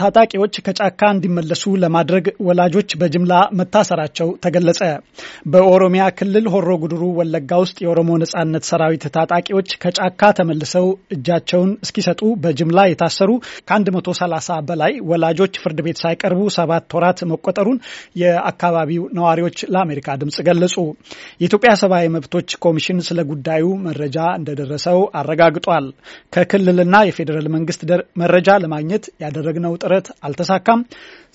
ታጣቂዎች ከጫካ እንዲመለሱ ለማድረግ ወላጆች በጅምላ መታሰራቸው ተገለጸ። በኦሮሚያ ክልል ሆሮ ጉድሩ ወለጋ ውስጥ የኦሮሞ ነጻነት ሰራዊት ታጣቂዎች ከጫካ ተመልሰው እጃቸውን እስኪሰጡ በጅምላ የታሰሩ ከ130 በላይ ወላጆች ፍርድ ቤት ሳይቀርቡ ሰባት ወራት መቆጠሩን የአካባቢው ነዋሪዎች ለአሜሪካ ድምፅ ገለጹ። የኢትዮጵያ ሰብአዊ መብቶች ኮሚሽን ስለ ጉዳዩ መረጃ እንደደረሰው አረጋግጧል። ከክልልና የፌዴራል መንግስት መረጃ ለማግኘት ያደረግነው ጥረት አልተሳካም።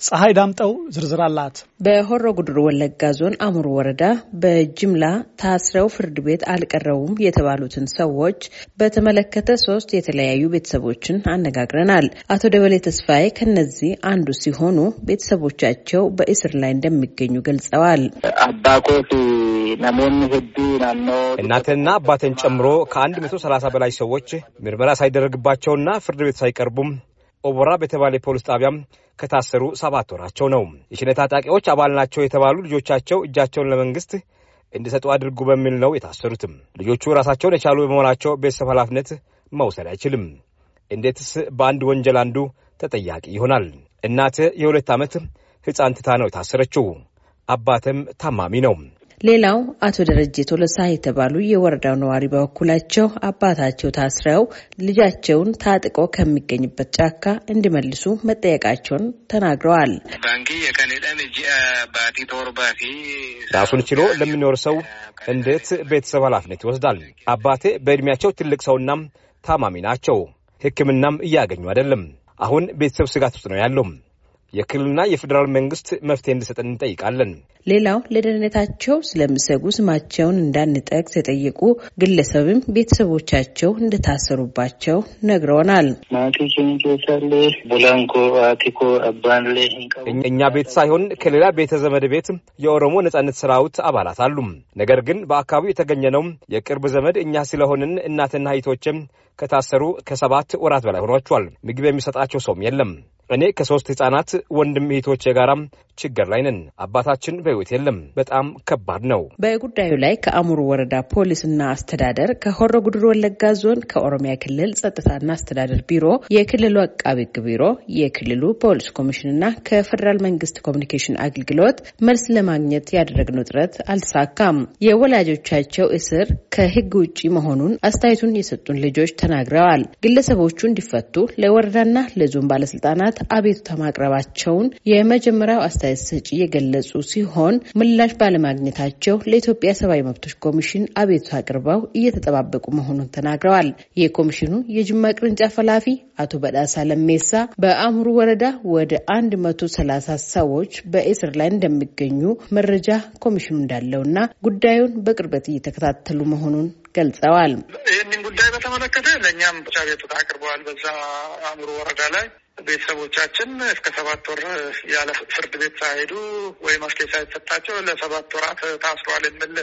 ፀሐይ ዳምጠው ዝርዝር አላት። በሆሮ ጉድሩ ወለጋ ዞን አሙሩ ወረዳ በጅምላ ታስረው ፍርድ ቤት አልቀረቡም የተባሉትን ሰዎች በተመለከተ ሶስት የተለያዩ ቤተሰቦችን አነጋግረናል። አቶ ደበሌ ተስፋዬ ከነዚህ አንዱ ሲሆኑ ቤተሰቦቻቸው በእስር ላይ እንደሚገኙ ገልጸዋል። አባኮት ነሞን ህዱ ናኖ እናትንና አባትን ጨምሮ ከአንድ መቶ ሰላሳ በላይ ሰዎች ምርመራ ሳይደረግባቸውና ፍርድ ቤት ሳይቀርቡም ኦቦራ በተባለ ፖሊስ ጣቢያም ከታሰሩ ሰባት ወራቸው ነው። የሽነ ታጣቂዎች አባል ናቸው የተባሉ ልጆቻቸው እጃቸውን ለመንግስት እንዲሰጡ አድርጉ በሚል ነው የታሰሩትም። ልጆቹ ራሳቸውን የቻሉ በመሆናቸው ቤተሰብ ኃላፊነት መውሰድ አይችልም። እንዴትስ በአንድ ወንጀል አንዱ ተጠያቂ ይሆናል? እናት የሁለት ዓመት ሕፃን ትታ ነው የታሰረችው። አባትም ታማሚ ነው። ሌላው አቶ ደረጀ ቶለሳ የተባሉ የወረዳው ነዋሪ በበኩላቸው አባታቸው ታስረው ልጃቸውን ታጥቆ ከሚገኝበት ጫካ እንዲመልሱ መጠየቃቸውን ተናግረዋል። ራሱን ችሎ ለሚኖር ሰው እንዴት ቤተሰብ ኃላፊነት ይወስዳል? አባቴ በእድሜያቸው ትልቅ ሰውና ታማሚ ናቸው። ሕክምናም እያገኙ አይደለም። አሁን ቤተሰብ ስጋት ውስጥ ነው ያለው። የክልልና የፌዴራል መንግስት መፍትሄ እንድሰጠን እንጠይቃለን። ሌላው ለደህንነታቸው ስለሚሰጉ ስማቸውን እንዳንጠቅስ የጠየቁ ግለሰብም ቤተሰቦቻቸው እንደታሰሩባቸው ነግረውናል። እኛ ቤት ሳይሆን ከሌላ ቤተ ዘመድ ቤት የኦሮሞ ነጻነት ሰራዊት አባላት አሉ። ነገር ግን በአካባቢው የተገኘነው የቅርብ ዘመድ እኛ ስለሆንን እናትና እህቶችም ከታሰሩ ከሰባት ወራት በላይ ሆኗቸዋል። ምግብ የሚሰጣቸው ሰውም የለም። እኔ ከሶስት ህጻናት ወንድም እህቶቼ ጋራ ችግር ላይ ነን። አባታችን በህይወት የለም። በጣም ከባድ ነው። በጉዳዩ ላይ ከአሙሩ ወረዳ ፖሊስና አስተዳደር፣ ከሆሮ ጉድር ወለጋ ዞን፣ ከኦሮሚያ ክልል ጸጥታና አስተዳደር ቢሮ፣ የክልሉ አቃቢ ህግ ቢሮ፣ የክልሉ ፖሊስ ኮሚሽንና ከፌዴራል መንግስት ኮሚኒኬሽን አገልግሎት መልስ ለማግኘት ያደረግነው ጥረት አልተሳካም። የወላጆቻቸው እስር ከህግ ውጭ መሆኑን አስተያየቱን የሰጡን ልጆች ተናግረዋል። ግለሰቦቹ እንዲፈቱ ለወረዳና ለዞን ባለስልጣናት አቤቱታ ማቅረባቸውን የመጀመሪያው አስተያየት ሰጪ የገለጹ ሲሆን ምላሽ ባለማግኘታቸው ለኢትዮጵያ ሰብአዊ መብቶች ኮሚሽን አቤቱታ አቅርበው እየተጠባበቁ መሆኑን ተናግረዋል። የኮሚሽኑ የጅማ ቅርንጫፍ ኃላፊ አቶ በዳሳ ለሜሳ በአእምሩ ወረዳ ወደ 130 ሰዎች በእስር ላይ እንደሚገኙ መረጃ ኮሚሽኑ እንዳለውና ጉዳዩን በቅርበት እየተከታተሉ መሆኑን ገልጸዋል። ይህንን ጉዳይ በተመለከተ ለእኛም ብቻ ቤቱ አቅርበዋል። በዛ አእምሮ ወረዳ ላይ ቤተሰቦቻችን እስከ ሰባት ወር ያለ ፍርድ ቤት ሳይሄዱ ወይም መፍትሄ ሳይሰጣቸው ለሰባት ወራት ታስሯል የሚል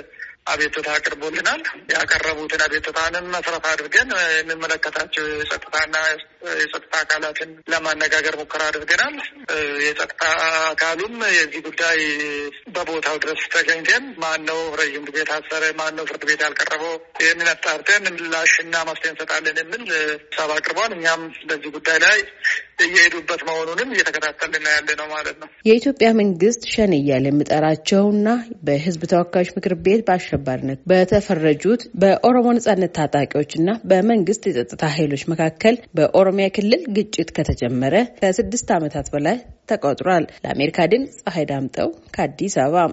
አቤቱታ አቅርቦልናል። ያቀረቡትን አቤቱታንም መሰረት አድርገን የሚመለከታቸው የጸጥታና የጸጥታ አካላትን ለማነጋገር ሙከራ አድርገናል። የጸጥታ አካሉም የዚህ ጉዳይ በቦታው ድረስ ተገኝተን ማን ነው ረዥም ጊዜ ታሰረ፣ ማን ነው ፍርድ ቤት ያልቀረበው፣ የሚነጣርተን ምላሽና መፍትሄ እንሰጣለን የሚል ሀሳብ አቅርቧል። እኛም በዚህ ጉዳይ ላይ እየሄዱበት መሆኑንም እየተከታተልን ያለ ነው ማለት ነው። የኢትዮጵያ መንግስት ሸኔ እያለ የሚጠራቸውና በህዝብ ተወካዮች ምክር ቤት በአሸባሪነት በተፈረጁት በኦሮሞ ነጻነት ታጣቂዎችና በመንግስት የጸጥታ ኃይሎች መካከል በኦሮሚያ ክልል ግጭት ከተጀመረ ከስድስት ዓመታት በላይ ተቆጥሯል። ለአሜሪካ ድምፅ ፀሐይ ዳምጠው ከአዲስ አበባ